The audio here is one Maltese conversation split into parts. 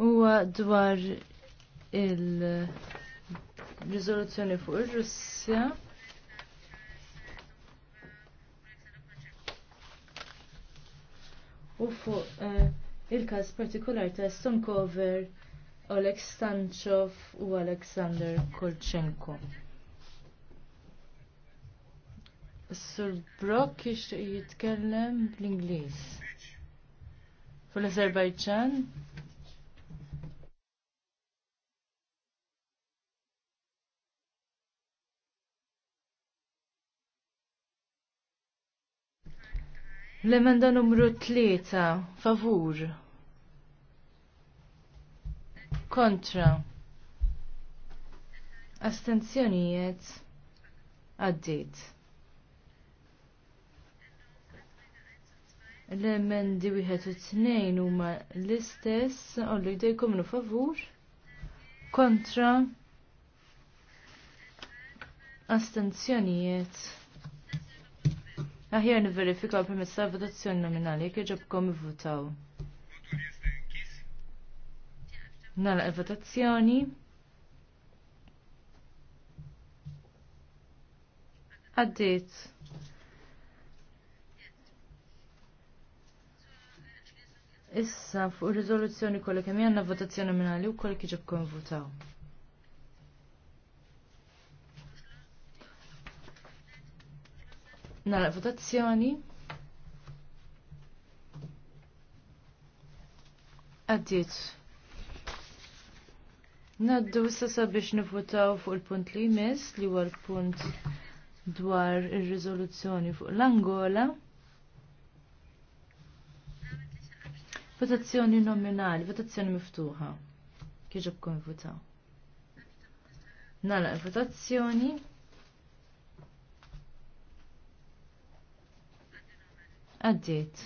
huwa dwar il-riżoluzzjoni fuq ir-Russja. U fuq eh, il-każ partikolari ta' Stonkover, Oleg Stanchov u Aleksander Kolchenko. Sur Brock jitkellem bl-Ingliż. Fl-Azerbajġan L-emenda numru 3, favur. Kontra. Astenzjonijiet. Għaddit. L-emendi wieħed u tnejn huma l-istess, ollu jdejkom nu favur. Kontra. Astenzjonijiet Aħjar għal permezz ta' votazzjoni nominali jekk iġobkom ivvutaw. Nagħlaq il-votazzjoni. Għaddit. Issa fuq ir-riżoluzzjoni kollha kemm votazzjoni nominali wkoll kif kom votaw. Nara votazzjoni. Għaddiet. Naddu issa biex nifutaw fuq il-punt li jmiss li huwa l-punt dwar ir-riżoluzzjoni fuq l-Angola. Votazzjoni nominali, votazzjoni miftuħa. Kieġab kon votaw. Nala, votazzjoni. Għaddit.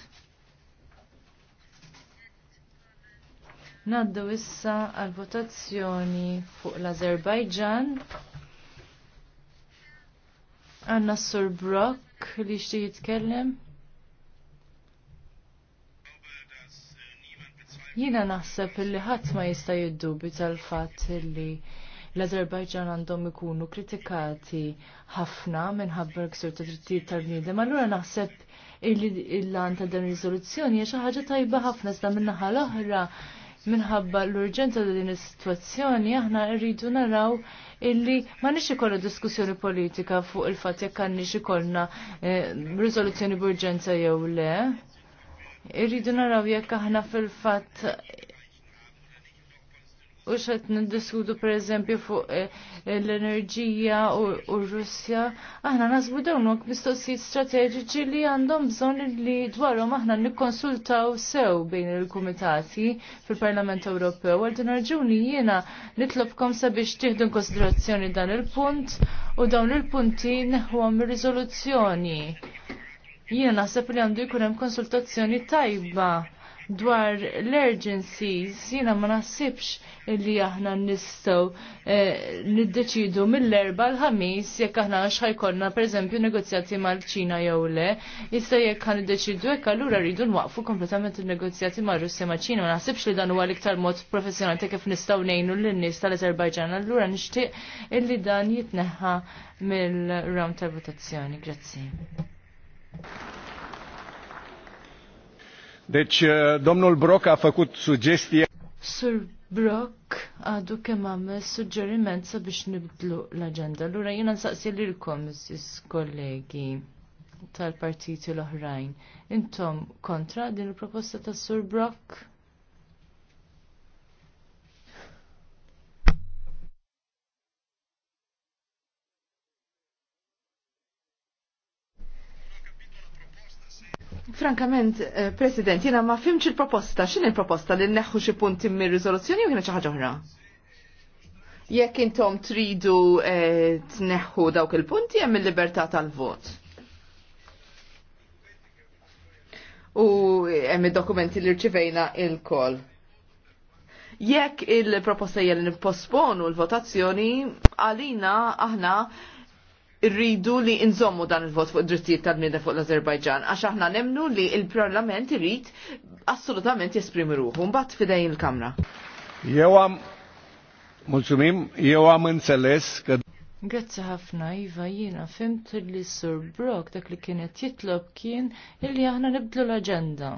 Naddu issa għal votazzjoni fuq l-Azerbajġan. Għanna Sur Brock li xti jitkellem. Jina naħseb li ħadd ma jista' jiddubi tal-fatt li l-Azerbajġan għandhom ikunu kritikati ħafna minħabba l-ksur ta' drittijiet tal-bniedem, allura naħseb il-lan ta' dan rizoluzzjoni xi ħaġa tajba ħafna iżda min-naħa l-oħra minħabba l-urġenza ta' din is-sitwazzjoni aħna rridu naraw illi ma nix ikollna diskussjoni politika fuq il-fatt jekk għandix ikollna eh, riżoluzzjoni b'urġenza jew le. Irridu naraw jekk aħna fil-fatt u xed nindiskutu per eżempju fuq eh, eh, l-enerġija u r-Russja, aħna nasbu dawn hekk mistoqsijiet strateġiċi li għandhom bżonn li dwarhom aħna nikkonsultaw sew bejn il-kumitati fil-Parlament Ewropew. Għal din raġuni jiena nitlobkom sabiex tieħdu konsiderazzjoni dan il-punt u dawn il-punti neħwhom ir-riżoluzzjoni. Jiena naħseb li għandu jkun hemm konsultazzjoni tajba dwar l-urgencies, jina ma nasibx illi aħna nistaw eh, niddeċidu mill-erba l-ħamis jekk aħna xħajkonna per eżempju negozjati mal-ċina jew le, jista jekk ħan niddeċidu jekk allura rridu nwaqfu kompletament il-negozjati mal russja ma' ċina, ma nasibx li dan huwa l-iktar mod professjonali kif nistaw nejnu l-nis tal-Azerbajġan, allura nixtieq illi dan jitneħħa mill-round ta' votazzjoni. Grazzi. Deci, uh, domnul Brock a făcut sugestie. Sir Brock għadu kemm għamel suġġeriment sabiex nibdlu l-aġenda. Lura jiena nsaqsi lilkom, Mrs. kollegi tal-partiti l-oħrajn. Intom kontra din il-proposta ta' Sur Brock? Frankament, eh, President, jena ma fimx il-proposta, xin il-proposta li neħu xie punti mir rizoluzzjoni u jena ċaħġa oħra? Jekk intom tridu eh, tneħħu dawk il-punti hemm il-libertà tal-vot. U hemm id-dokumenti li rċivejna il kol Jekk il-proposta jgħal nipposponu l-votazzjoni, għalina aħna rridu li nżommu dan il-vot fuq drittijiet tal-bniedem fuq l-Azerbajġan, għax aħna nemnu li il-Parlament irrid assolutament jesprimi ruħu, mbagħad fidejn il-Kamra. Jew Mulċumim, jew għam inseles. Grazzi ħafna, Iva, jiena fimt li Sur Brock dak li kienet jitlob kien illi aħna nibdlu l-agenda.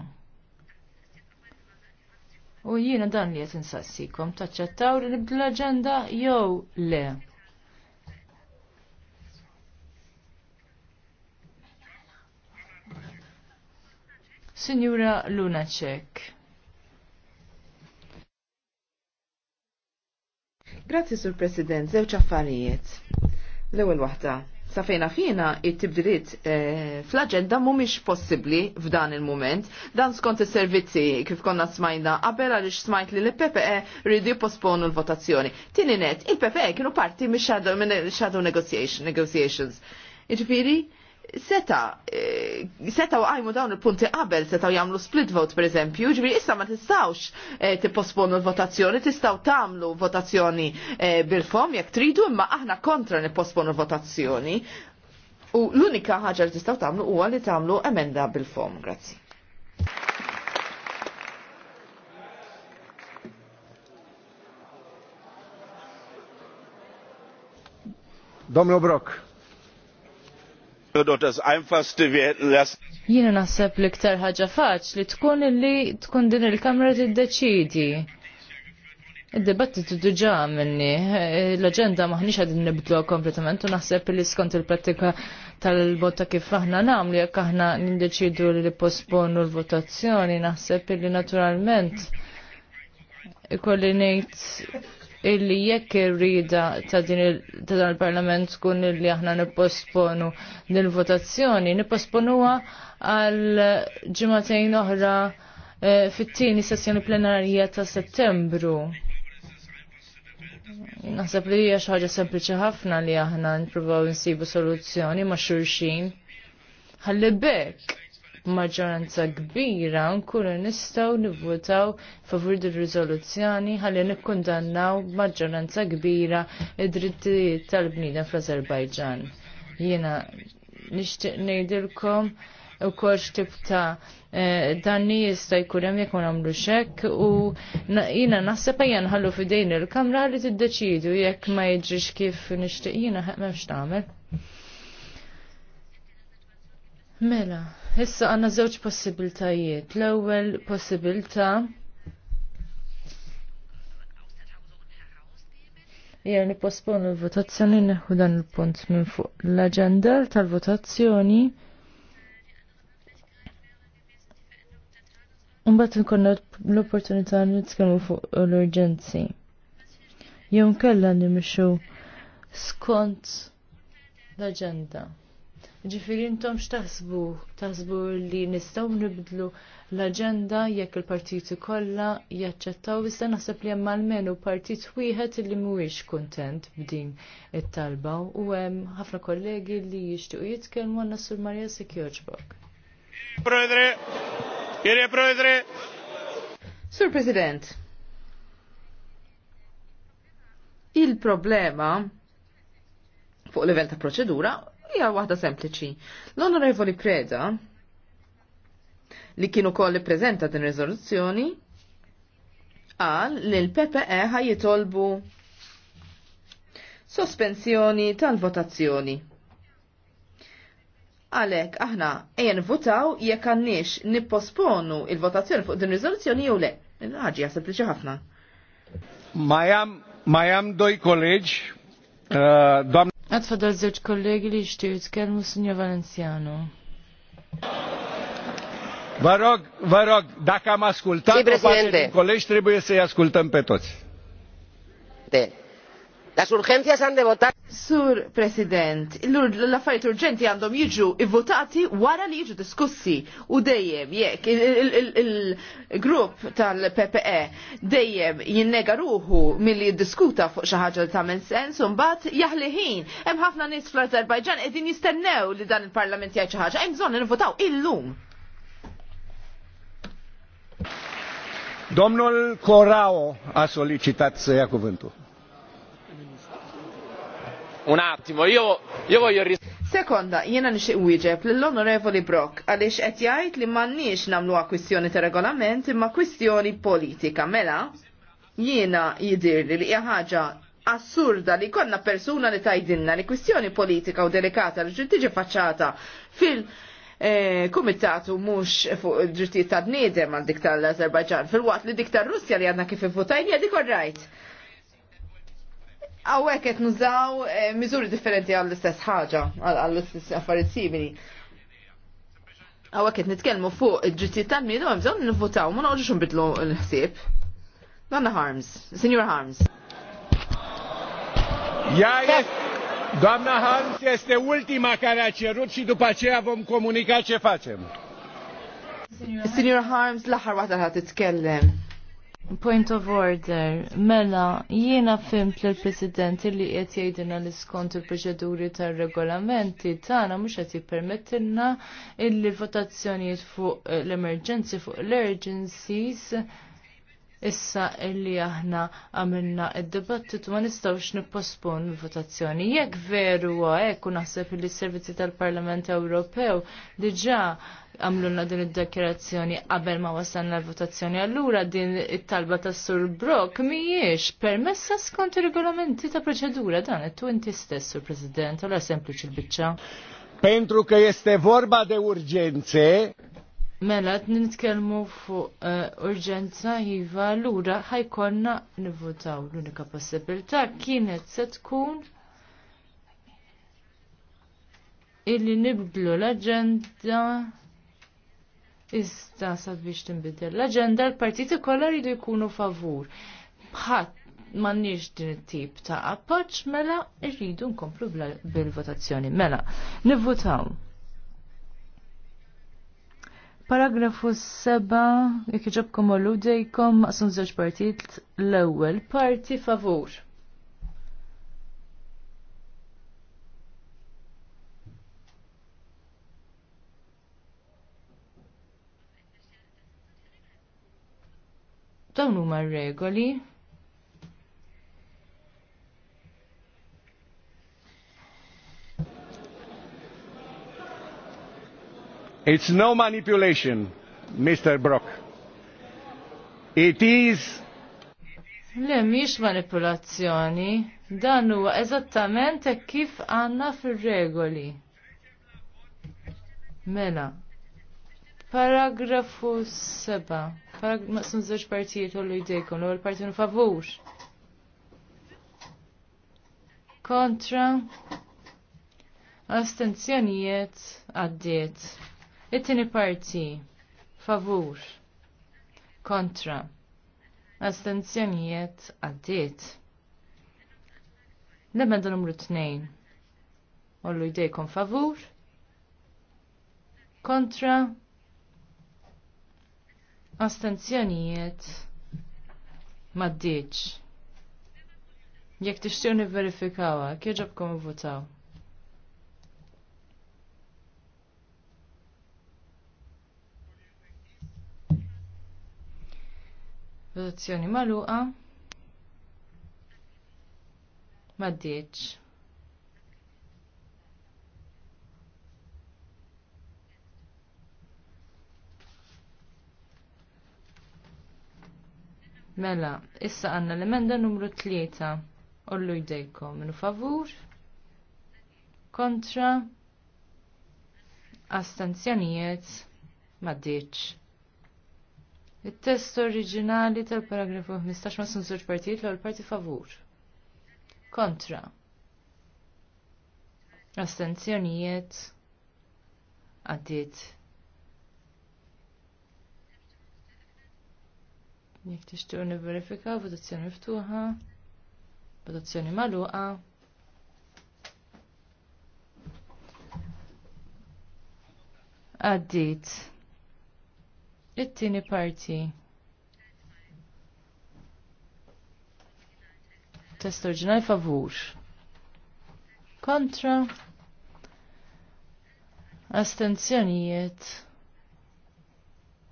U jiena dan li jatinsassikom, insassikkom, taċċettaw li nibdlu l-agenda jew le. Signora Lunacek. Grazzi, Sur President, zewċ affarijiet. L-ewel waħda, sa fejna fina it-tibdiliet eh, fl-agenda mumiex possibli f'dan il-moment. Dan skont is-servizzi kif konna smajna qabel għaliex smajt li l-PPE rridu jposponu l-votazzjoni. Tini net, il-PPE kienu parti mix xadu negotiations. Iġifiri, seta eh, seta għajmu dawn il-punti qabel seta jagħmlu split vote per eżempju, ġbiri, issa ma tistawx ti eh, tipposponu l-votazzjoni, tistaw tagħmlu votazzjoni eh, bil-fom jekk tridu, imma aħna kontra nipposponu l-votazzjoni. U l-unika ħaġa li tistaw tagħmlu huwa li tagħmlu emenda bil-fom. Grazzi. Domnul Brock. Jiena naħseb li ktar ħaġa faċ li tkun li tkun din il-kamra deċidi Id-dibattitu diġa minni, l-agenda maħniċ għadin nibdlu kompletament u naħseb li skont il-pratika tal-vota kif aħna namlu jekk aħna nindeċidu li posponu l-votazzjoni, naħseb li naturalment ikolli nejt illi jekk irrida ta' din ta' dan il-Parlament tkun illi aħna nipposponu din votazzjoni nipposponuha għal ġimagħtejn oħra eh, fit-tieni sessjoni plenarja ta' Settembru. Naħseb li hija xi ħaġa sempliċi ħafna li aħna nippruvaw insibu soluzzjoni ma' xulxin. Ħalli bekk Maġġoranza kbira nkunu nistgħu nivvotaw favur dir-riżoluzzjoni ħalli nikkundannaw b'maġġoranza kbira id-drittijiet tal-bniedem fl-Azerbajġan. Jiena nixtieq ngħidilkom u kol xtib ta' eh, danni jista' jkun hemm jekk ma nagħmlu xekk u jiena naħseb ejja nħallu f'idejn il-kamra li tiddeċidu jekk ma jiġrix kif nixtieq jiena m'hemmx tagħmel. Mela, Issa għanna żewġ possibiltajiet. L-ewwel possibilità Jena nipposponu l-votazzjoni neħu dan il-punt minn fuq l-agenda tal-votazzjoni. Umbat nkonna l-opportunità nitkellmu fuq l-urġenzi. Jew kellha nimxu skont l-agenda. Ġifiri intom x'taħsbu? Taħsbu li nistgħu nibdlu l agenda jekk il-partiti kollha jaċċettaw issa naħseb li hemm almenu partit wieħed li mhuwiex kuntent b'din it-talba u hemm ħafna kollegi li jixtiequ jitkellmu għandna sur Marja Sikjoġbok. Sur President, il-problema fuq livell ta' proċedura Ija, waħda sempliċi. L-Onorevoli Preda li kienu kolli prezenta din riżoluzzjoni qal li l-PPE jitolbu sospensjoni tal-votazzjoni. Għalek, aħna ejjen votaw jekk għandniex nipposponu il-votazzjoni fuq din riżoluzzjoni jew le. Ħaġi sempliċi ħafna. Majam, majam doj kolleġ, uh, Għatfadal zewċ kollegi li xtiju jitkellmu Sinja Valenziano. Varog, varog, dakam rog, kollegi am se jaskultam o parte Las urgencias han de votar. Sur President, l-affarijiet urġenti għandhom jiġu ivvotati wara li jiġu diskussi u dejjem jekk il-grupp tal-PPE dejjem jinnega ruħu milli jiddiskuta fuq xi ħaġa li tagħmel sens u mbagħad jaħli ħin. Hemm ħafna nies fl-Azerbajġan qegħdin jistennew li dan il-Parlament jgħid xi ħaġa, hemm bżonn nivvotaw illum. Domnul Corao ha solicitat să ia cuvântul. Un attimo, io, io voglio Sekonda, jiena nix wieġeb lill-Onorevoli Brock għaliex qed jgħid li m'għandniex nagħmluha kwistjoni ta' regolament imma kwistjoni politika mela jiena jidirli li hija ħaġa assurda li konna persuna li tajdinna li kwistjoni politika u delikata li ġittiġi faċċata fil- e, eh, kumitatu mux fuq il-ġittijiet ta' bniedem għal dik tal-Azerbajġan fil-waqt li dik tal-Russja li għadna kif votajni għadik rajt għawek qed nużaw eh, miżuri differenti għall-istess ħaġa, għall-istess affarijiet simili. Għawek għet nitkelmu fuq il ġitti tal-miedu hemm bżonn nivvutaw, ma xum bitlu l ħsib Donna Harms, Senior Harms. Iarăși, Donna Harms este ultima care a cerut și după aceea vom comunica ce facem. Senior Harms, l-aħħar għat titkellem. Point of order. Mela, jiena fimt l president li qed jgħidilna li skont il-proċeduri tar-regolamenti tagħna mhux qed jippermettilna illi votazzjonijiet fuq l-emerġenzi fuq l-urgencies issa illi aħna għamilna id-dibattitu ma nistawx nippospon votazzjoni. Jekk veru għek u naħseb li s-servizzi tal-Parlament Ewropew diġa għamluna din id-dekirazzjoni qabel ma wasalna l-votazzjoni. Allura din it-talba ta' Sur Brok miex permessa skont regolamenti ta' proċedura dan it inti stess, Sur President, għala sempliċi l-bicċa. Pentru ke jeste vorba de urgenze, Mela, nitkellmu fuq eh, urġenza iva ura ħajkonna nivvotaw l-unika possibilità kienet se tkun illi nibdlu l-aġenda issa sabiex tinbidel l-aġenda l-partiti kollha jridu jkunu favur. Bħat m'għandniex din it-tip ta' appoġġ mela rridu nkomplu bil-votazzjoni. Mela, nivvotaw. Paragrafu 7, jek iġobkom u dejkom maqsum żewġ partit l-ewwel parti favur. Dawn huma regoli It's no manipulation, Mr. Brock. It is Le miex manipulazzjoni, dan huwa eżattament kif għanna fir-regoli. Mela, paragrafu 7, parag maqsum żewġ partijiet u jdejkom, l-ewwel favur. Kontra, astenzjonijiet għaddiet. It-tieni parti favur kontra astenzjonijiet għaddiet. L-emenda numru 2. Ollu jdejkom favur kontra astenzjonijiet maddiċ. Jek tixtiju niverifikawa, kieġabkom votaw. Votazzjoni maluqa. Maddiċ. Mela, issa għanna l-emenda numru 3. Ollu jdejkom, minu favur, kontra, astanzjonijiet, maddiċ. Il-test oriġinali tal-paragrafu 15 ma' sunżur partijiet l parti favur. Kontra. Astenzjonijiet. Għaddit. Jek tixtiqu verifika votazzjoni miftuħa, votazzjoni magħluqa. Għaddit. It-tieni parti. Test oriġinali favur. Kontra. Astenzjonijiet.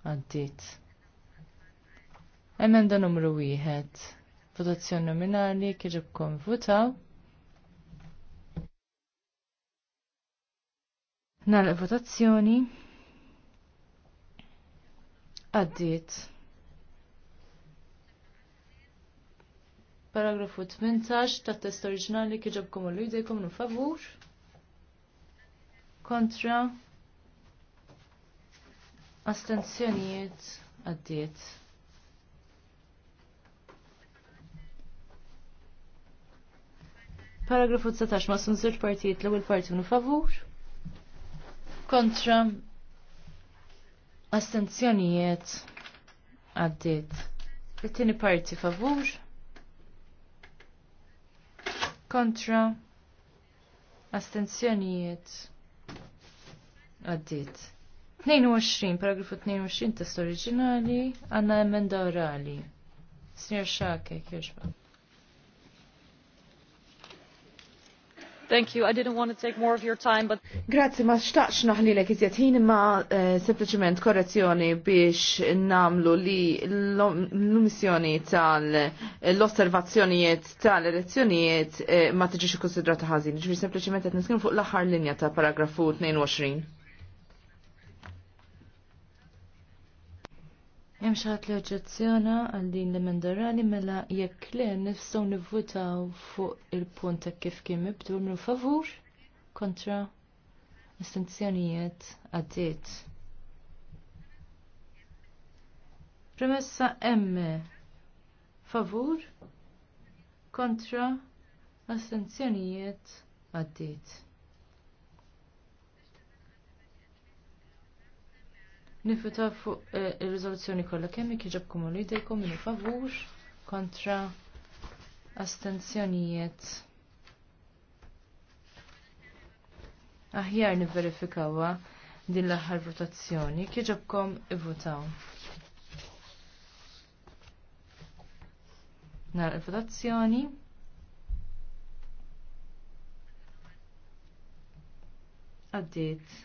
Għaddit. Emenda numru wieħed. Votazzjoni nominali kieġibkom votaw. Nal votazzjoni. Għaddit. Paragrafu 18 ta' test oriġinali kieġabkom u l-idejkom nu favur. Kontra. Astenzjonijiet għaddiet. Paragrafu 19 ma' sunzir partijiet l-ewwel parti nu favur. Kontra Astenzjonijiet għaddit. Il-tieni parti favur. Kontra. Astenzjonijiet għaddit. 22, paragrafu 22 test oriġinali, għanna emenda orali. Sir Xake, kieġba. Thank you. I didn't want to take more of your time, but... Grazzi, ma xtaqx naħli lek iżjed ħin ma eh, sempliċement korrezzjoni biex namlu li l-missjoni tal-osservazzjonijiet tal-elezzjonijiet eh, ma tiġix ikkonsidrata ħażin. Ġifir sempliċement qed niskin fuq l aħħar linja ta' paragrafu 22. Hemm xi li oġġezzjona għal din l-emenda mela jekk le nifsaw nivvutaw fuq il-punt ta' kif kien mibdur minn favur kontra istenzjonijiet għaddiet. Premessa M favur kontra astenzjonijiet għaddiet. Nifuta fuq eh, il-rizoluzzjoni kollha kemm jkiġobkom u lidejkom minu favur kontra astenzjonijiet. Aħjar nivverifikawa din l-aħħar votazzjoni kieġobkom ivvutaw. Nar il-votazzjoni. Addit.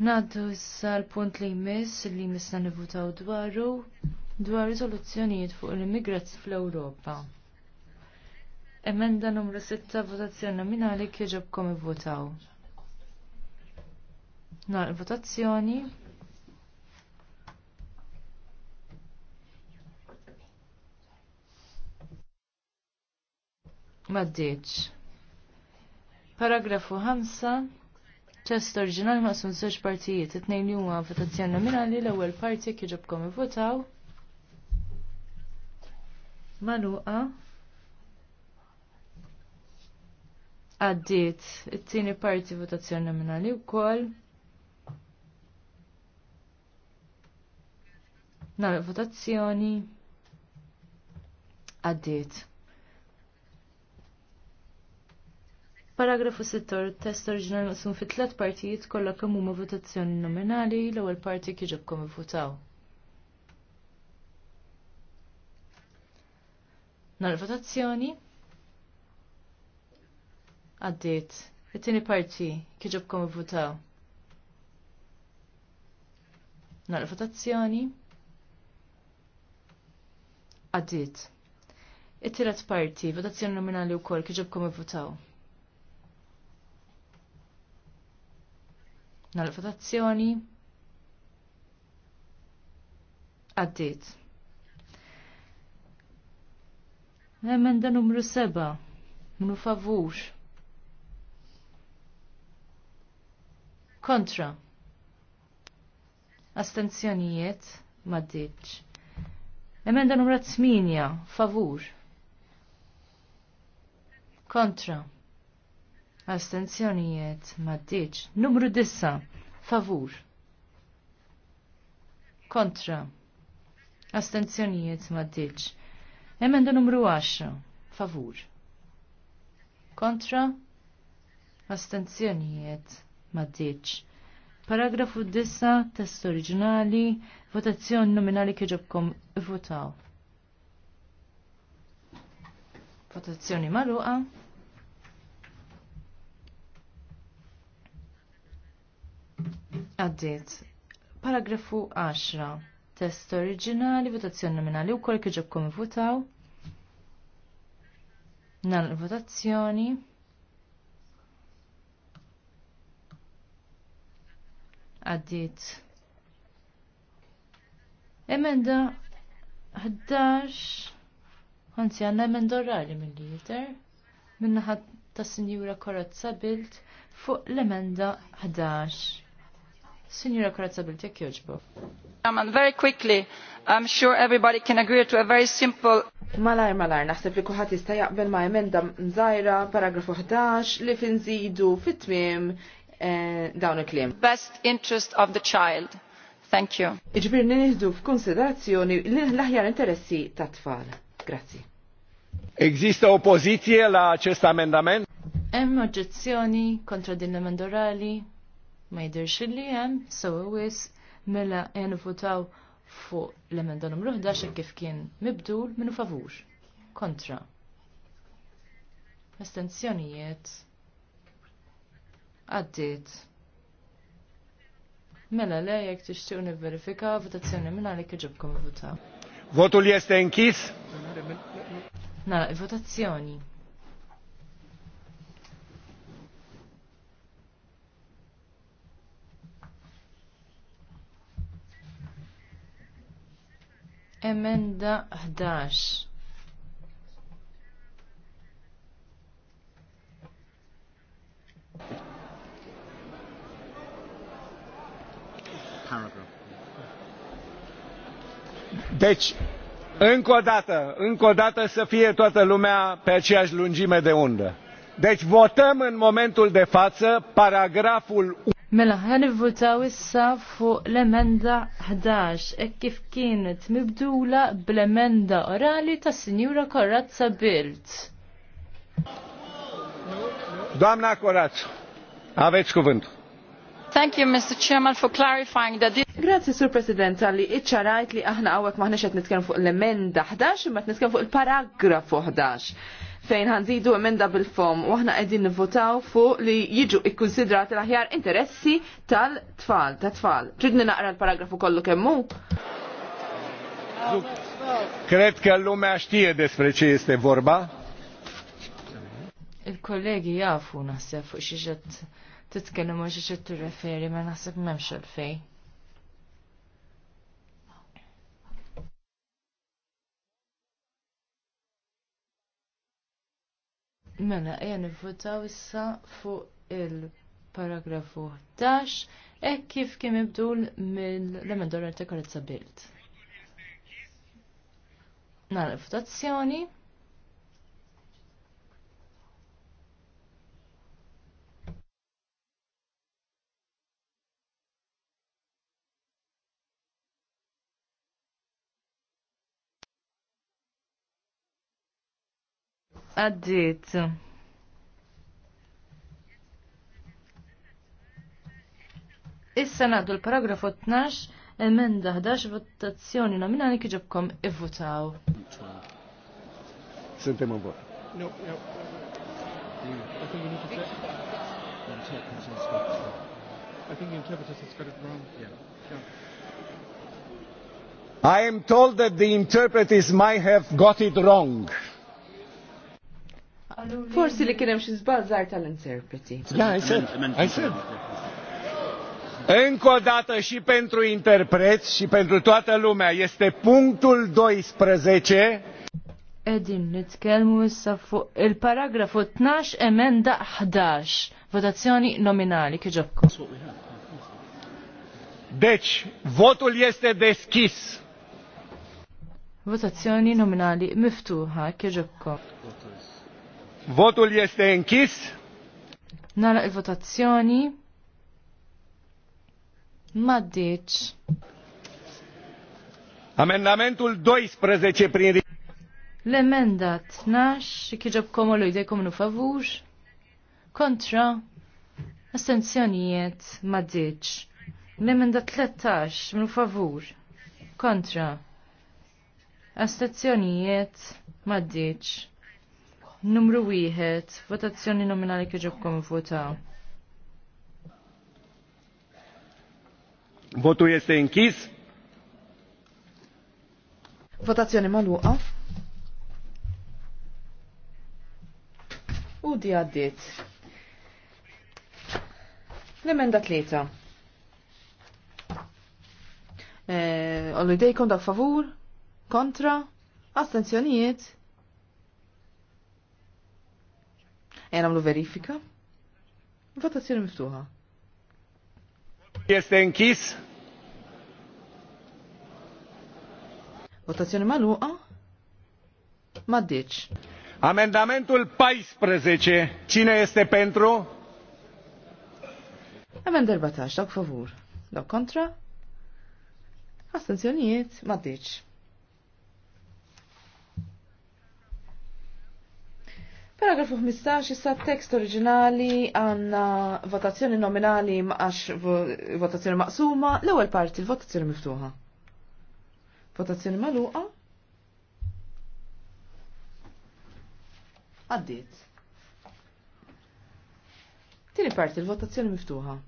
Naddu issa l-punt li jmiss li jmissna nivutaw dwaru dwar rizoluzzjonijiet fuq l-immigrazzi fl-Ewropa. Emenda numru 6 votazzjoni nominali kom votaw. Nar votazzjoni. Maddiċ. Paragrafu 5 test oriġinali maqsum żewġ partijiet, it-tnejn li huma votazzjoni nominali l-ewwel parti jekk jiġobkom ivvotaw. Maluqa. Għaddiet it-tieni parti votazzjoni nominali wkoll. Nagħmel votazzjoni. Għaddiet. Paragrafu 6 test oriġinal maqsum fi tliet partijiet kollha kemm huma votazzjoni nominali l-ewwel parti kieġobkom ivvutaw. Nar votazzjoni għaddiet. It-tieni parti kieġobkom ivvutaw. Nar votazzjoni għaddiet. It-tielet parti votazzjoni nominali wkoll kieġobkom ivvutaw. Nal-votazzjoni. Għaddit. Emenda numru 7. Minu favux. Kontra. Astenzjonijiet. Maddiċ. Emenda numru 8. Favur. Kontra astenzjonijiet maddiċ. Numru dissa, favur. Kontra, astenzjonijiet maddiċ. Emenda numru 10, favur. Kontra, astenzjonijiet maddiċ. Paragrafu 9, test oriġinali, votazzjoni nominali kieġobkom votaw. Votazzjoni maluqa. Għaddiet. Paragrafu 10. Test oriġinali, votazzjoni nominali u kol kħiġobkom votaw. Nal votazzjoni. Għaddiet. Emenda 11. Għanzi għanna emenda orali mill-liter. Minna ħad ta' sinjura Korazza Bilt fuq l-emenda 11. Signora Krazzabilti, kjoġbo. Chairman, very quickly, I'm sure everybody can agree to a very simple Malar, malar, naħseb li kuħat jista jaqbel ma' emenda mżajra, paragrafu 11, li finżidu fit-tmim eh, dawn il-klim. Best interest of the child. Thank you. Iġbir niniħdu f'konsiderazzjoni l-aħjar interessi ta' tfal. Grazzi. Eżista oppożizzje la ċest amendament? Hemm oġġezzjoni kontra din l-emendorali? ma jidirx li hemm so għis mela jenvutaw fuq l-emenda numru 11 e kif kien mibdul minu favur. Kontra. Estenzjonijiet. Għaddit. Mela le jek tixtiequ verifika votazzjoni minna li iġibkom votaw. Votu li jesten kis? Nara, votazzjoni. Emenda 11. Deci, încă o dată, încă o dată să fie toată lumea pe aceeași lungime de undă. Deci votăm în momentul de față paragraful 1. Mela, ħan votaw issa fuq l-emenda 11, e kif kienet mibdula bl-emenda orali ta' Sinjura Korazza Bilt. Doamna Korazza, aveți kuvint. Thank you, Mr. Chairman, for clarifying that this... Grazie, Sur President, għalli iċċarajt li aħna għawek maħna xed nitkelmu fuq l-emenda 11, imma nitkan fuq il-paragrafu 11 fejn ħanżidu emenda bil-fom u aħna qegħdin nivvotaw fuq li jiġu ikkunsidrati l-aħjar interessi tal-tfal, ta' tfal. Ġidni naqra l-paragrafu kollu kemmu? Kret kellu me tiedes preċiste vorba? Il-kollegi jafu naħseb fuq xieġet titkellem u xiex tirreferi ma naħseb memx il-fej. Mela, ejja nivvotaw issa fuq il-paragrafu 11, hekk kif kien ibdul mill-emendor artikolet sabilt. Nara votazzjoni. Għaddit. Issa naqdu l-paragrafu 12, emenda 11, votazzjoni nominali kħiġobkom i-votaw. Sentem un vot. No, no. I I am told that the interpreters might have got it wrong. Forsi li kienem xi zbazzar tal-interpreti. Ja, I said, I said. Încă o și pentru interpreți și pentru toată lumea este punctul 12. Edin nitkelmu issa fuq il-paragrafu 12 emenda 11. Votazzjoni nominali kieġobkom. Deci, votul este deschis. Votazzjoni nominali miftuħa kieġobkom. Votul jeste inkis. Nara il-votazzjoni. Maddiċ. Amendamentul 12 prin L-emenda 12 kieġobkom u l-idejkom nu favur. Kontra. Astenzjonijiet maddiċ. L-emenda 13 minu favur. Kontra. Astenzjonijiet maddiċ numru wieħed, votazzjoni nominali kieġobkom votaw. Votu jeste inkis. Votazzjoni maluqa. U di għaddit. L-emenda tlieta. Eh, Allu e, idejkom da favur, kontra, astenzjonijiet, Ejn għamlu verifika. Votazzjoni miftuħa. Jeste nkis? Votazzjoni maluqa? Maddiċ. Amendamentul 14. Cine este pentru? Amend 14. Dak favur. Dak kontra? Astenzjonijiet? Maddiċ. Paragrafu 15 issa tekst oriġinali għanna votazzjoni nominali maqax votazzjoni maqsuma l-ewwel parti l-votazzjoni miftuħa. Votazzjoni magħluqa. Għaddit. Tini parti l-votazzjoni miftuħa.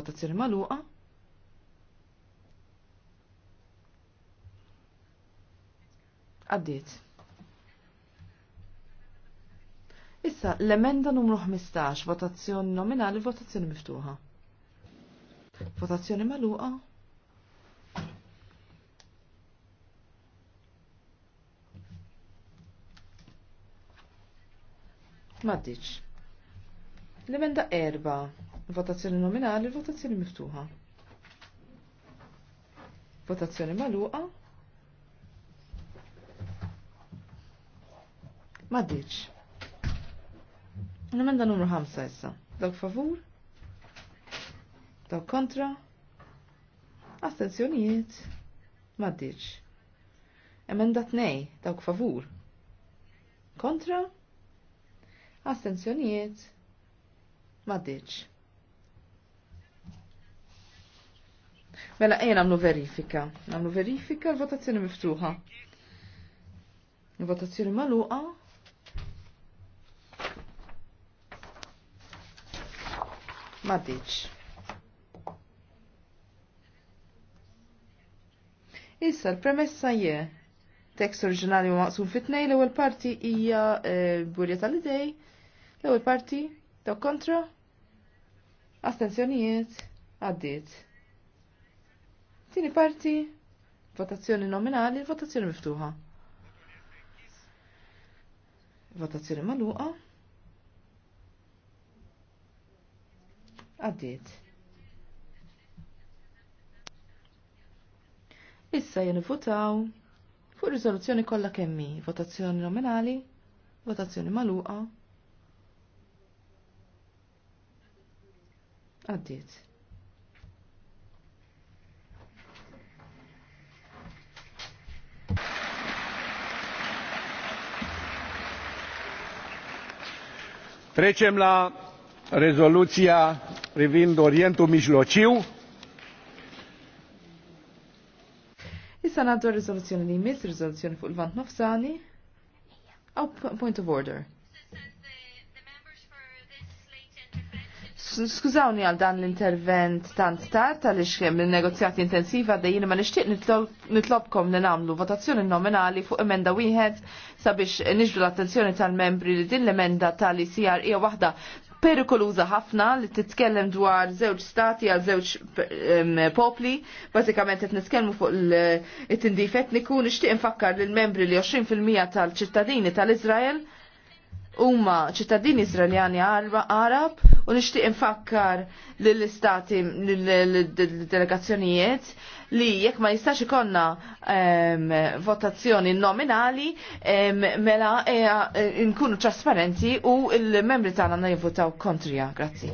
Votazzjoni magħluqa. Għaddit. Issa, l-emenda numru 15, votazzjoni nominali, votazzjoni miftuħa. Votazzjoni maluqa. Maddiċ. L-emenda erba, votazzjoni nominali, votazzjoni miftuħa. Votazzjoni maluqa. Maddiċ l numru 5 issa. Dawk favur? Dawk kontra? Astenzjonijiet? Maddiċ. Emenda t-nej, Dawk favur? Kontra? Astenzjonijiet? Maddiċ. Mela, ejja għamlu verifika. Namlu verifika l-votazzjoni miftuħa. Il-votazzjoni maluqa ma diċ. Issa l-premessa je. Tekst oriġinali u maqsum fitnej l-ewwel parti hija e, burja tal-idej, l-ewwel parti daw kontra astenzjonijiet għaddit. Tieni parti votazzjoni nominali, votazzjoni miftuħa. Votazzjoni magħluqa. Għaddiet. Issa jenifutaw fuq rizoluzzjoni kollha kemmi, votazzjoni nominali, votazzjoni maluqa. Għaddiet. Trecem la rezoluția privind Orientul Mijlociu. Issa naddu r-rizoluzzjoni li jmiss, rizoluzzjoni fuq il-vant nofsani. Aw, point of order. Skużawni għal dan l-intervent tant tard għaliex hemm il-negozjati intensiva dejjin ma nixtieq nitlobkom li nagħmlu votazzjoni nominali fuq emenda wieħed sabiex niġbdu l-attenzjoni tal-membri li din l-emenda tal-ICR hija waħda perikoluża ħafna li titkellem dwar żewġ stati għal żewġ popli, bażikament qed nitkellmu fuq it-tindif etniku, nixtieq infakkar lill membri li 20% tal-ċittadini tal-Iżrael huma ċittadini Izraeljani Arab u nixtieq infakkar lill-istati lill-delegazzjonijiet li jekk ma jistax ikonna ehm, votazzjoni nominali ehm, mela e, e, nkunu trasparenti u l-membri tagħna nivvutaw kontrija. Grazzi.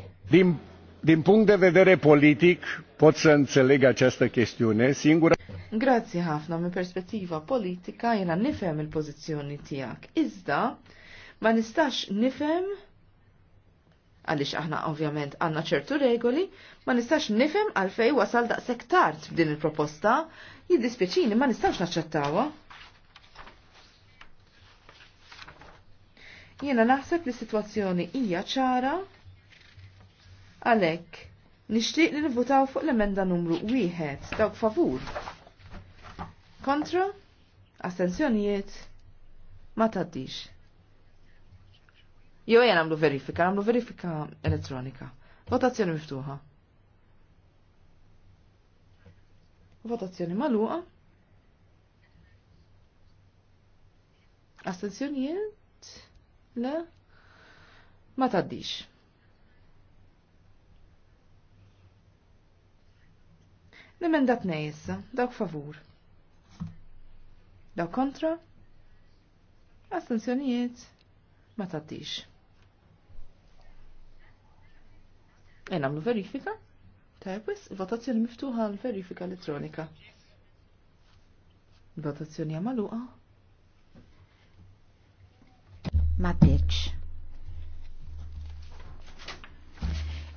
Din punct de vedere politik pot se nzelega aċesta chestiune singura. Grazzi ħafna minn perspettiva politika jena nifhem il-pożizzjoni tiegħek. Iżda Ma nistax nifhem għalix aħna ovvjament għanna ċertu regoli, ma nistax nifhem għalfej wasal daqsek tard b'din il-proposta, jiddispieċini ma nistax naċċettawa. Jiena naħseb li situazzjoni hija ċara għalhekk nixtieq li nivvutaw fuq l-emenda numru wieħed dawk favur. Kontra? Astenzjonijiet? Ma taddix. Jo jena għamlu verifika, għamlu verifika elettronika. Votazzjoni miftuħa. Votazzjoni maluqa. Astenzjonijiet? Le? Ma taddix. L-emenda t dawk favur. Dawk kontra? Astenzjonijiet? Ma taddix. E għamlu verifika? Tajbis, votazzjoni miftuħa l verifika elettronika. Votazzjoni għamaluqa. Ma bieċ.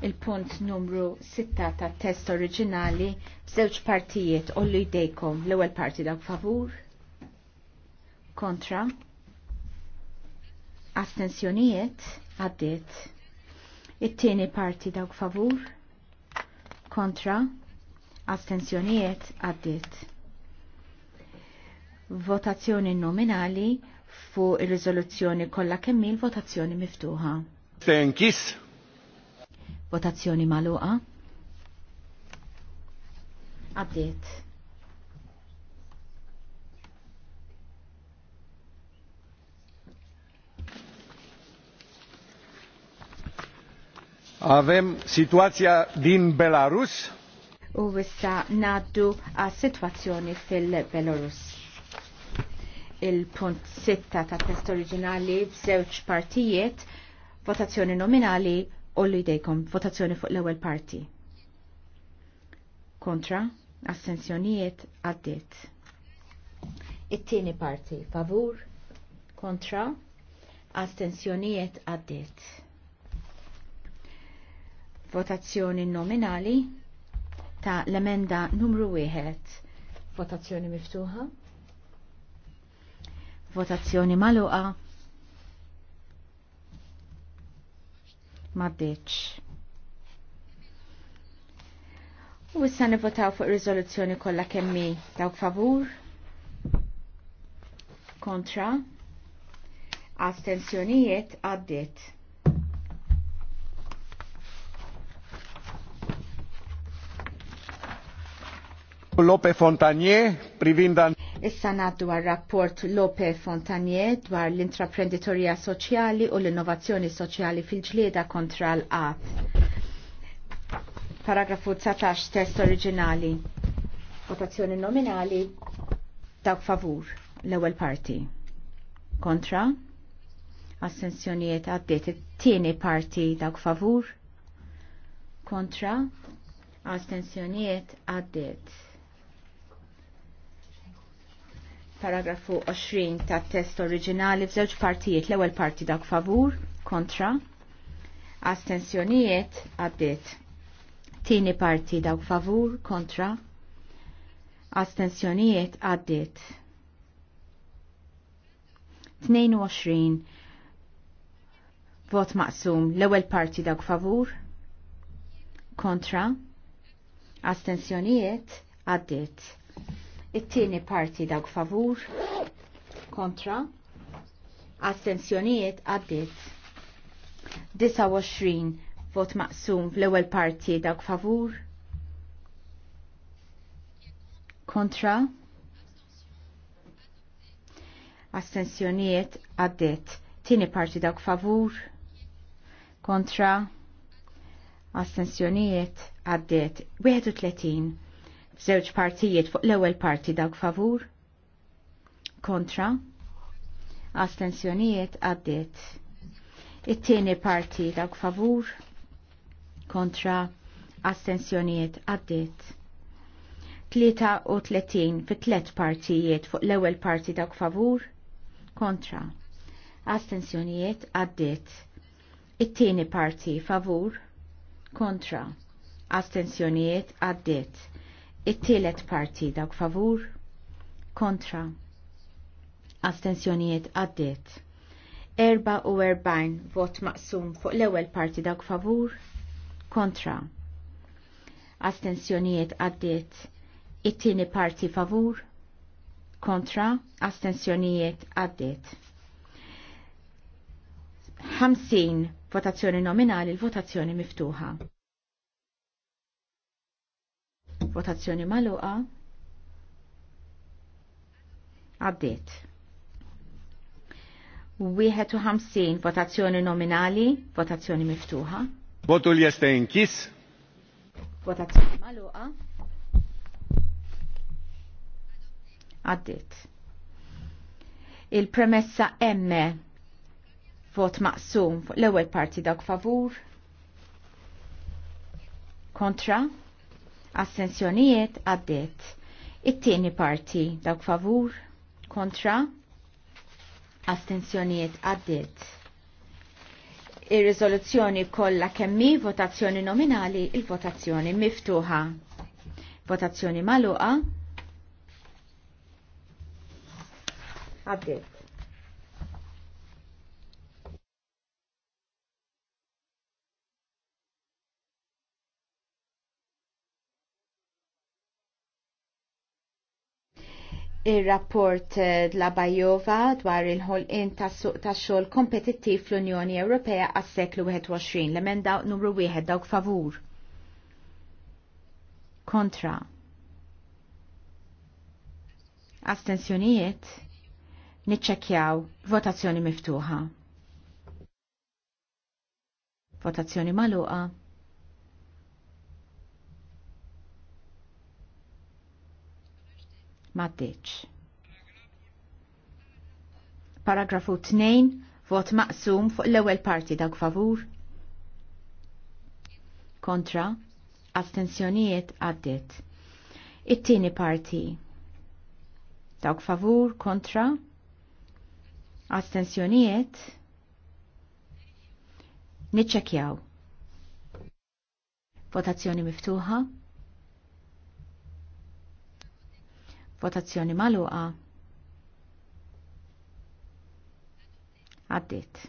Il-punt numru 6 ta' test oriġinali b'żewġ partijiet ollu jdejkom l-ewwel parti dawk favur, kontra, astensjonijiet, għaddiet It-tieni parti dawk favur kontra astensjonijiet għaddit. Votazzjoni nominali fu ir-riżoluzzjoni kollha kemm il-votazzjoni miftuħa. Tenkis. Votazzjoni maluqa. Għaddit. Avem situația din Belarus. U issa naddu għas situazzjoni fil-Belarus. Il-punt sitta ta' test oriġinali b'żewġ partijiet, votazzjoni nominali u li dejkom votazzjoni fuq l-ewwel parti. Kontra, assenzjonijiet għaddit. It-tieni parti, favur, kontra, astensjonijiet għaddiet votazzjoni nominali ta' l-emenda numru 1. Votazzjoni miftuħa. Votazzjoni maluqa. Maddiċ. U issa nivotaw fuq riżoluzzjoni kollha kemmi dawk favur, kontra, astensjonijiet għaddiet. Lope Fontanier privind dan. Issa naddu għal rapport Lope Fontanier dwar l-intraprenditorija soċjali u l-innovazzjoni soċjali fil-ġlieda kontra l-qat. Paragrafu 19 test oriġinali. Votazzjoni nominali dawk favur l-ewwel parti. Kontra? Assenzjonijiet għaddiet it-tieni parti dawk favur? Kontra? Astensjonijiet għaddiet. Paragrafu 20 ta' test oriġinali f'żewġ partijiet l-ewwel parti dak favur, kontra, astensjonijiet għaddiet. Tieni parti dak favur, kontra, astensjonijiet għaddiet. 22 vot maqsum l-ewwel parti dak favur, kontra, astensjonijiet għaddiet it-tieni parti dawk favur, kontra, astensjonijiet għaddit. 29 vot maqsum fl-ewwel parti dawk favur, kontra, astensjonijiet għaddit. Tieni parti dawk favur, kontra, astensjonijiet għaddit. 31 Żewġ partijiet fuq l-ewwel parti dawk favur. Kontra. Astensjonijiet għaddiet. It-tieni parti dawk favur. Kontra. Astensjonijiet għaddiet. 33 fit tlet partijiet fuq l-ewwel parti dawk favur. Kontra. Astensjonijiet għaddiet. It-tieni parti favur. Kontra. Astensjonijiet għaddiet It-tielet parti dawk favur kontra astensjonijiet għaddiet. 44 vot maqsum fuq l-ewwel parti dawk favur kontra. Astensjonijiet għaddiet it-tieni parti favur kontra astensjonijiet għaddiet. 50 votazzjoni nominali, l-votazzjoni miftuħa. Votazzjoni maluqa. Għaddiet. 51 votazzjoni nominali, votazzjoni miftuħa. Votul jeste inkis. Votazzjoni maluqa. Għaddiet. Il-premessa M vot maqsum l-ewwel parti dak favur. Kontra assenzjonijiet għaddiet. It-tieni parti dawk favur kontra astenzjonijiet għaddiet. Ir-riżoluzzjoni kollha kemmi votazzjoni nominali il-votazzjoni miftuħa. Votazzjoni maluqa. Għaddiet. il-rapport eh, la Bajova dwar il ħolqien tas suq ta' xogħol kompetittiv fl-Unjoni Ewropea għas-seklu 21, l-emenda numru 1 dawk favur. Kontra. Astensjonijiet. Niċċekkjaw votazzjoni miftuħa. Votazzjoni maluqa. maddiċ. Paragrafu 2, vot maqsum fuq l-ewwel parti dak favur. Kontra, astensjonijiet għaddit. It-tieni parti. Dawk favur, kontra, astensjonijiet, niċċekjaw. Votazzjoni miftuħa. Votazzjoni maluqa. Għaddit.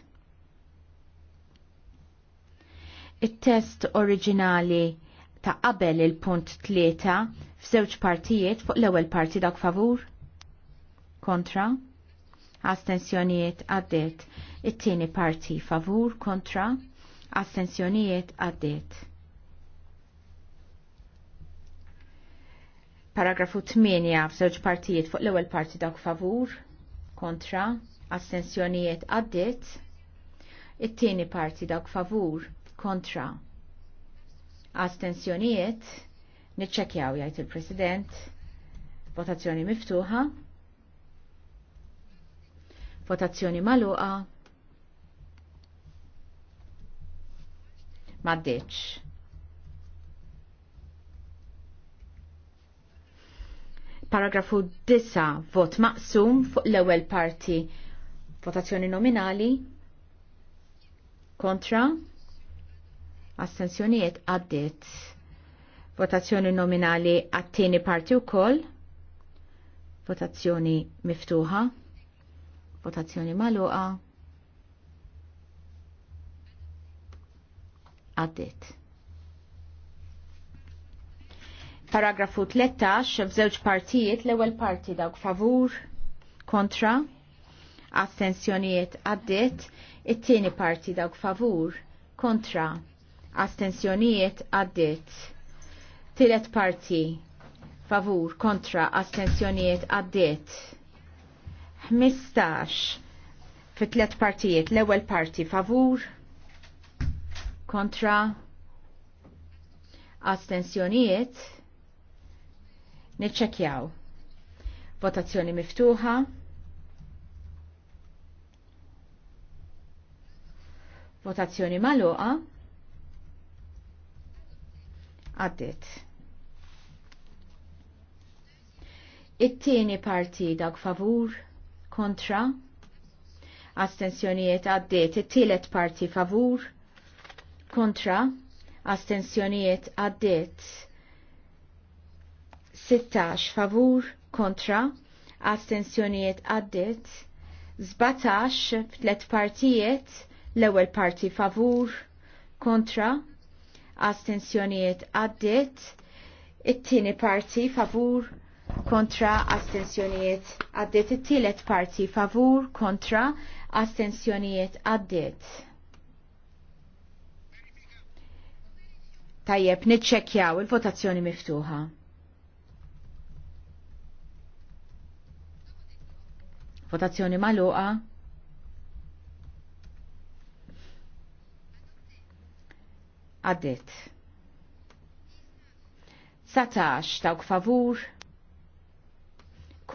Il-test oriġinali ta' qabel il-punt tlieta f'żewġ partijiet fuq l-ewwel parti dak favur? Kontra? Astensjonijiet għaddit. It-tieni parti favur kontra? Astensjonijiet għaddit. Paragrafu 8 f'żewġ partijiet fuq l-ewwel parti dawk favur, kontra, astensjonijiet għaddit. It-tieni parti dawk favur, kontra, astensjonijiet niċċekjaw jgħid il-President. Votazzjoni miftuħa. Votazzjoni maluqa. Maddeċ. Paragrafu 9 vot maqsum fuq l-ewwel parti votazzjoni nominali kontra astensjonijiet għaddiet. Votazzjoni nominali għat-tieni parti wkoll. Votazzjoni miftuħa. Votazzjoni magħluqa. Għaddiet. Paragrafu 13 f'żewġ partijiet l-ewwel parti dawk favur kontra astensjonijiet għaddiet, it-tieni parti dawk favur kontra astensjonijiet għaddiet. tielet parti favur kontra astensjonijiet għaddiet. 15 fit tlet partijiet l-ewwel parti favur kontra astensjonijiet Niċċekjaw. Votazzjoni miftuħa. Votazzjoni maluqa. Għaddit. It-tieni parti dak favur kontra. Astenzjonijiet għaddit. It-tielet parti favur kontra. Astenzjonijiet għaddit. 16 favur kontra astensjonijiet għaddit 17 f'tlet partijiet l-ewwel parti favur kontra astensjonijiet għaddit it-tieni parti favur kontra astensjonijiet għaddit it-tielet parti favur kontra astensjonijiet għaddit. Tajjeb, nitċekjaw il-votazzjoni miftuħa. Votazzjoni maluqa. Għaddit. Satax dawk favur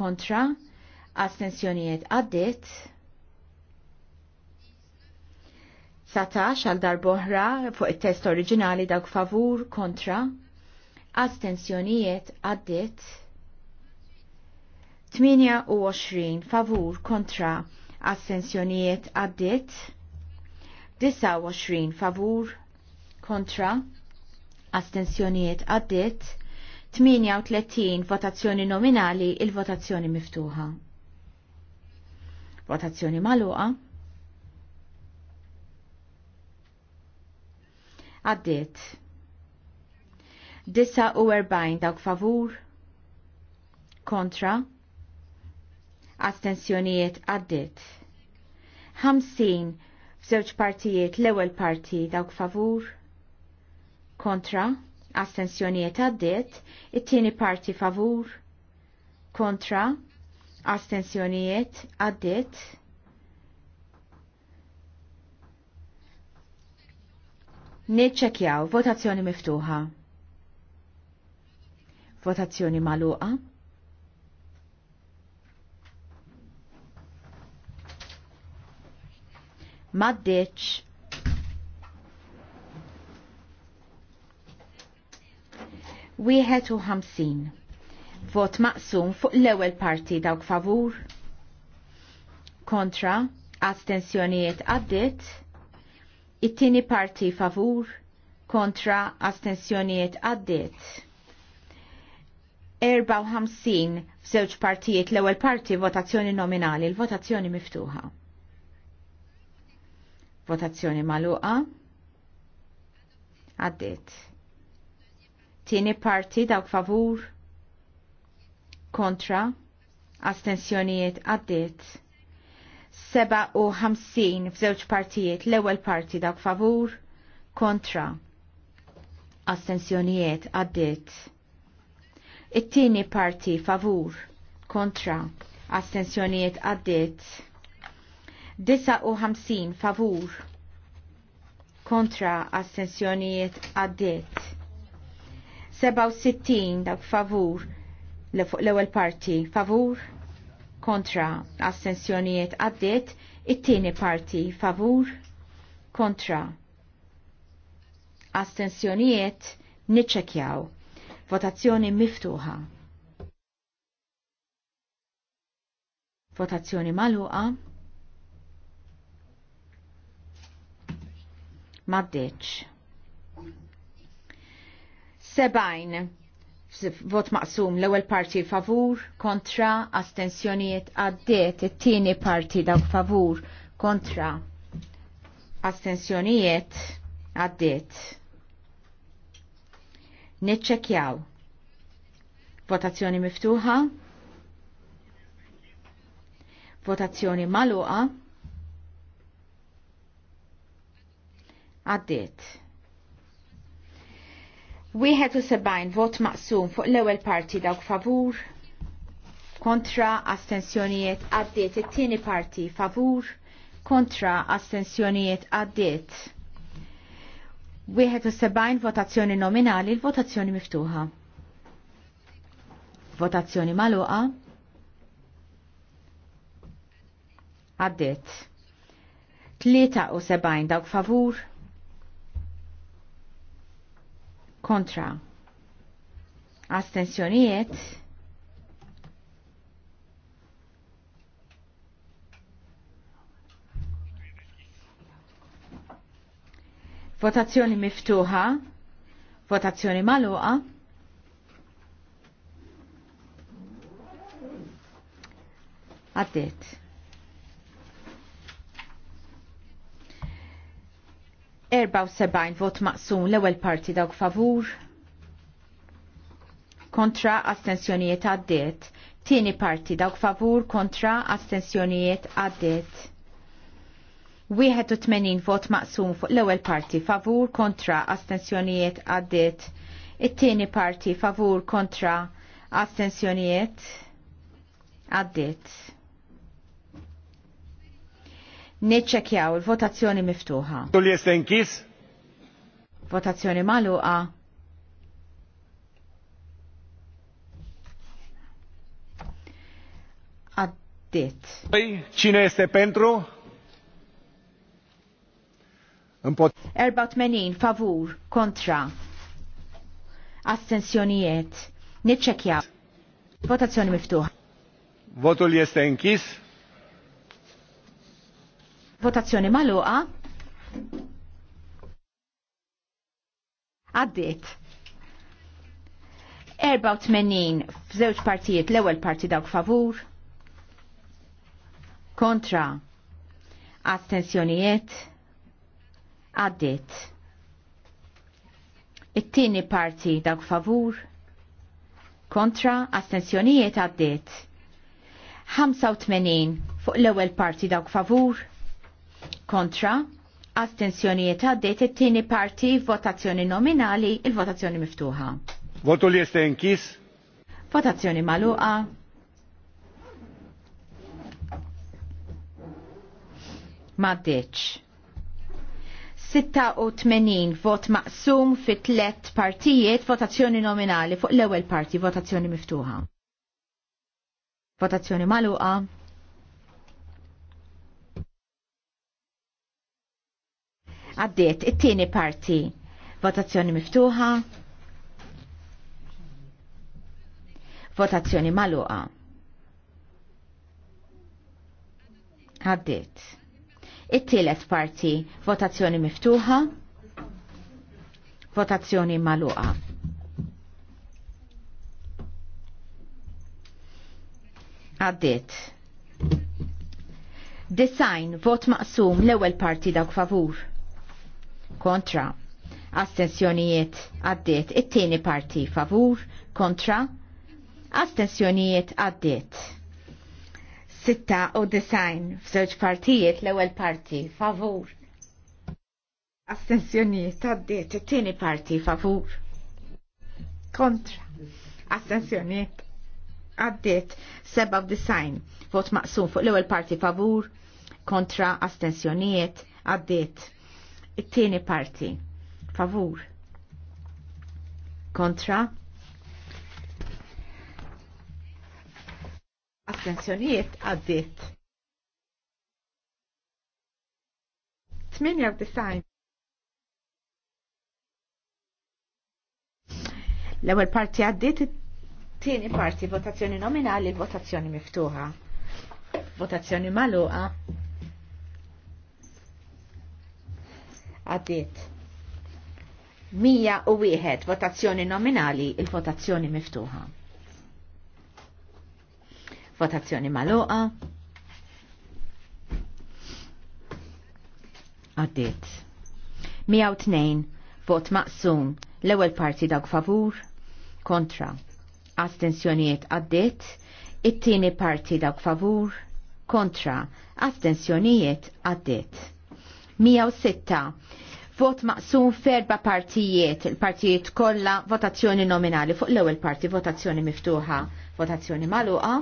kontra astensjonijiet għaddit Satax għal darboħra fuq it-test oriġinali dawk favur kontra astensjonijiet għaddit 28 favur kontra assenzjonijiet għaddit 29 favur kontra astensjonijiet għaddit 38 votazzjoni nominali il-votazzjoni miftuħa. Votazzjoni maluqa għaddit 49 dawk favur kontra astensjonijiet għaddit. 50 f'żewġ partijiet l-ewwel parti dawk favur kontra astensjonijiet għaddit, it-tieni parti favur kontra astensjonijiet għaddit. Niċċekjaw votazzjoni miftuħa. Votazzjoni maluqa. maddeċ. Wieħed u ħamsin. Vot maqsum fuq l-ewwel parti dawk favur. Kontra, astensjonijiet għaddit. It-tieni parti favur. Kontra, astensjonijiet għaddit. 54 f'żewġ partijiet l-ewwel parti votazzjoni nominali, l-votazzjoni miftuħa. Votazzjoni maluqa. Għaddit. Tieni parti dawk favur. Kontra. Astensjonijiet għaddit. 57 f'żewġ partijiet l-ewwel parti dawk favur. Kontra. Astensjonijiet għaddit. It-tieni parti favur. Kontra. Astensjonijiet għaddit. 59 favur kontra assenzjonijiet għaddiet. 67 dak favur l-ewwel parti favur kontra assenzjonijiet għaddit. it-tieni parti favur kontra astensjonijiet niċċekjaw. Votazzjoni miftuħa. Votazzjoni maluqa. maddeċ. Sebajn, vot maqsum l-ewel parti favur, kontra, astensjonijiet għaddiet, it-tieni parti dawk favur, kontra, astensjonijiet għaddiet. Neċċekjaw. Votazzjoni miftuħa. Votazzjoni maluqa. għaddiet. 71 vot maqsum fuq l-ewwel parti dawk favur, kontra astensjonijiet għaddiet it-tieni parti favur, kontra astensjonijiet għaddiet. 71 votazzjoni nominali, l-votazzjoni miftuħa. Votazzjoni maluqa. Għaddiet. 73 dawk favur, kontra astensjonijiet votazzjoni miftuħa votazzjoni maluqa għaddit 74 vot maqsum l-ewwel parti dawk favur kontra astensjonijiet għaddiet. Tieni parti dawk favur kontra astensjonijiet għaddiet. 81 vot maqsum fuq l-ewwel parti favur kontra astensjonijiet għaddiet. It-tieni parti favur kontra astensjonijiet għaddiet. Niċċekjaw il-votazzjoni miftuħa. Tulli jestenkis? Votazzjoni maluqa. Għaddit. Cine este pentru? menin, favur kontra. Astensjonijiet. Niċċekjaw. Votazzjoni miftuħa. Votul jeste nkis. Votazzjoni maluqa. Għaddit. 84 f'żewġ partijiet l-ewwel parti dawk favur. Kontra. Astensjonijiet. Għaddit. It-tieni parti dawk favur. Kontra. Astensjonijiet għaddit. 85 fuq l-ewwel parti dawk favur kontra, astensjonijiet għaddejt it-tieni parti votazzjoni nominali, il-votazzjoni miftuħa. Votu li jeste inkis? Votazzjoni maluqa. Maddeċ. 86 vot maqsum fi tlet partijiet votazzjoni nominali fuq l-ewwel parti votazzjoni miftuħa. Votazzjoni maluqa. Għaddiet, it-tieni parti. Votazzjoni miftuħa. Votazzjoni maluqa. Għaddiet. It-tielet parti. Votazzjoni miftuħa. Votazzjoni maluqa. Għaddiet. Design, vot maqsum l-ewwel parti dawk favur kontra astensjonijiet għaddiet it-tieni parti favur kontra astensjonijiet għaddiet sitta u design f'żewġ partijiet l-ewwel parti favur astensjonijiet għaddiet it-tieni parti favur kontra Astenzjonijiet għaddiet seba' design vot maqsum fuq l-ewwel parti favur kontra astensjonijiet għaddiet it-tieni parti. Favur. Kontra. Attenzjonijiet għaddit. 98. L-ewwel parti għaddit, it-tieni parti votazzjoni nominali, votazzjoni miftuħa. Votazzjoni maluqa. għaddiet. wieħed votazzjoni nominali, il-votazzjoni miftuħa. Votazzjoni maluqa. Għaddiet. 102 vot maqsum, l-ewwel parti dawk favur, kontra. Astensjonijiet għaddiet, it-tieni parti dawk favur, kontra. Astensjonijiet għaddiet. 106. Vot maqsum ferba partijiet, il-partijiet kollha votazzjoni nominali fuq l-ewwel parti votazzjoni miftuħa, votazzjoni magħluqa.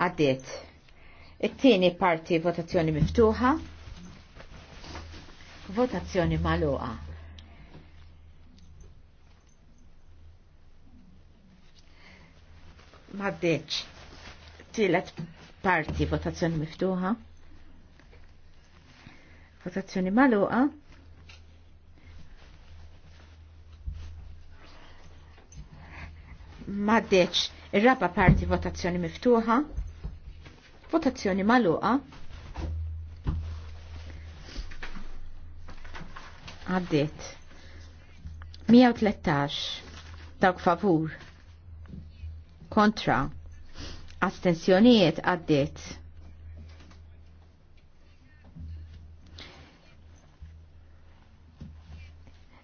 Għaddiet. It-tieni parti votazzjoni miftuħa. Votazzjoni magħluqa. Maddeċ. Tielet parti votazzjoni miftuħa. Votazzjoni maluqa. Maddeċ ir-raba parti votazzjoni miftuħa. Votazzjoni maluqa. Għaddit. 113 dawk favur kontra astensjonijiet għaddiet.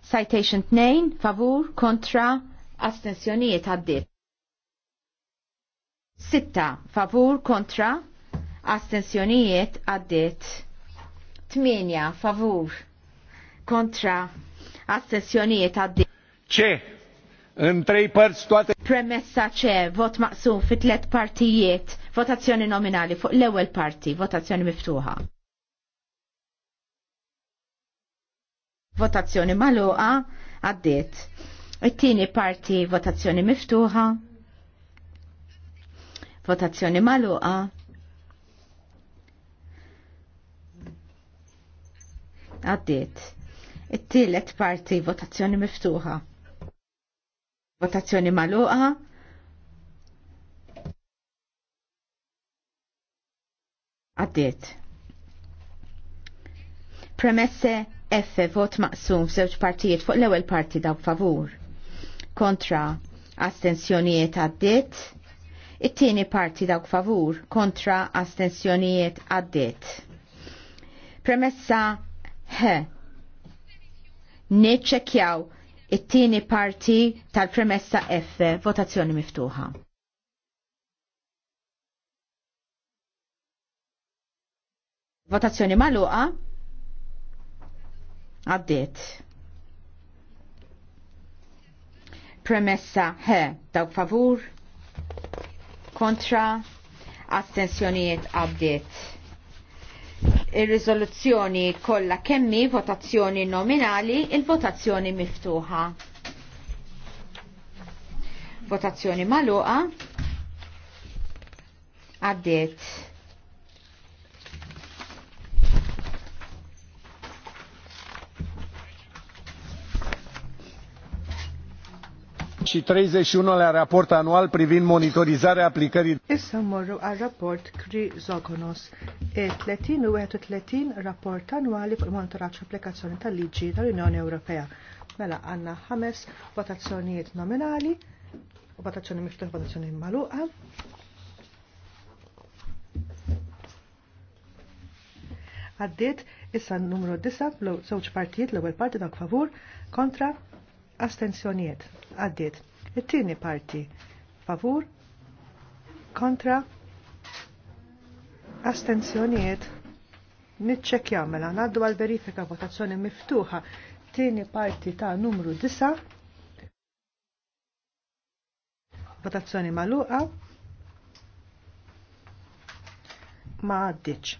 Citation 2, favur, kontra, astensjonijiet għaddiet. Sitta, favur, kontra, astensjonijiet għaddiet. Tminja, favur, kontra, astensjonijiet għaddiet. Ċe, Premessa ċe, vot maqsum fit tlet partijiet, votazzjoni nominali fuq l-ewel parti, votazzjoni miftuħa. Votazzjoni maluqa, għaddiet. It-tieni parti, votazzjoni miftuħa. Votazzjoni maluqa. Għaddiet. It-tielet parti, votazzjoni miftuħa. Votazzjoni maluqa. Għaddiet. Premesse F vot maqsum f'żewġ partijiet fuq l-ewwel parti dawk favur. Kontra astensjonijiet għaddiet. It-tieni parti dawk favur kontra astensjonijiet għaddiet. Premessa H. Neċċekjaw it-tieni parti tal-premessa F, votazzjoni miftuħa. Votazzjoni maluqa għaddiet. Premessa H, dawk favur, kontra, astensjonijiet għaddiet ir-riżoluzzjoni kollha kemmi votazzjoni nominali, il-votazzjoni miftuħa. Votazzjoni maluqa. Għaddiet. Și 31 la raport anual privind monitorizarea aplicării. Issa morru a rapport Kri Zogonos e 30 u 31 rapport annuali fuq monitoraġġ applikazzjoni tal-liġi tal-Unjoni Ewropea. Mela għanna ħames votazzjonijiet nominali u votazzjoni miftuħ votazzjoni maluqa. Għaddiet issa numru 9 bl żewġ partijiet l-ewwel parti dak favur kontra astensjonijiet għaddiet. It-tieni parti favur kontra astensjonijiet nitċekjaw mela ngħaddu għal verifika votazzjoni miftuħa tieni parti ta' numru 9 votazzjoni maluqa ma għaddiċ.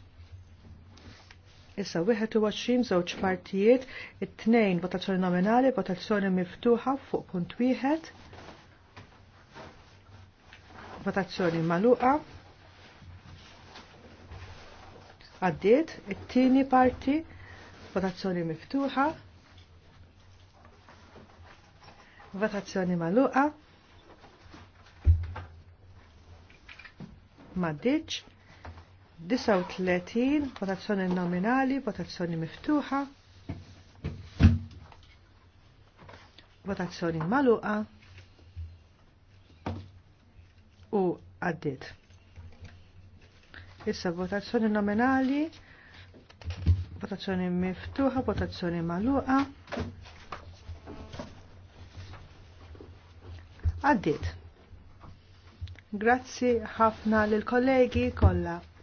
Issa 21 żewġ partijiet, it-tnejn votazzjoni nominali, votazzjoni miftuħa fuq punt wieħed, votazzjoni maluqa. Għaddiet, it-tieni parti, votazzjoni miftuħa, votazzjoni maluqa. Maddiċ. 39, votazzjoni nominali, votazzjoni miftuħa, votazzjoni maluqa u għaddit. Issa votazzjoni nominali, votazzjoni miftuħa, votazzjoni maluqa. Għaddit. Grazzi ħafna lill kollegi kollha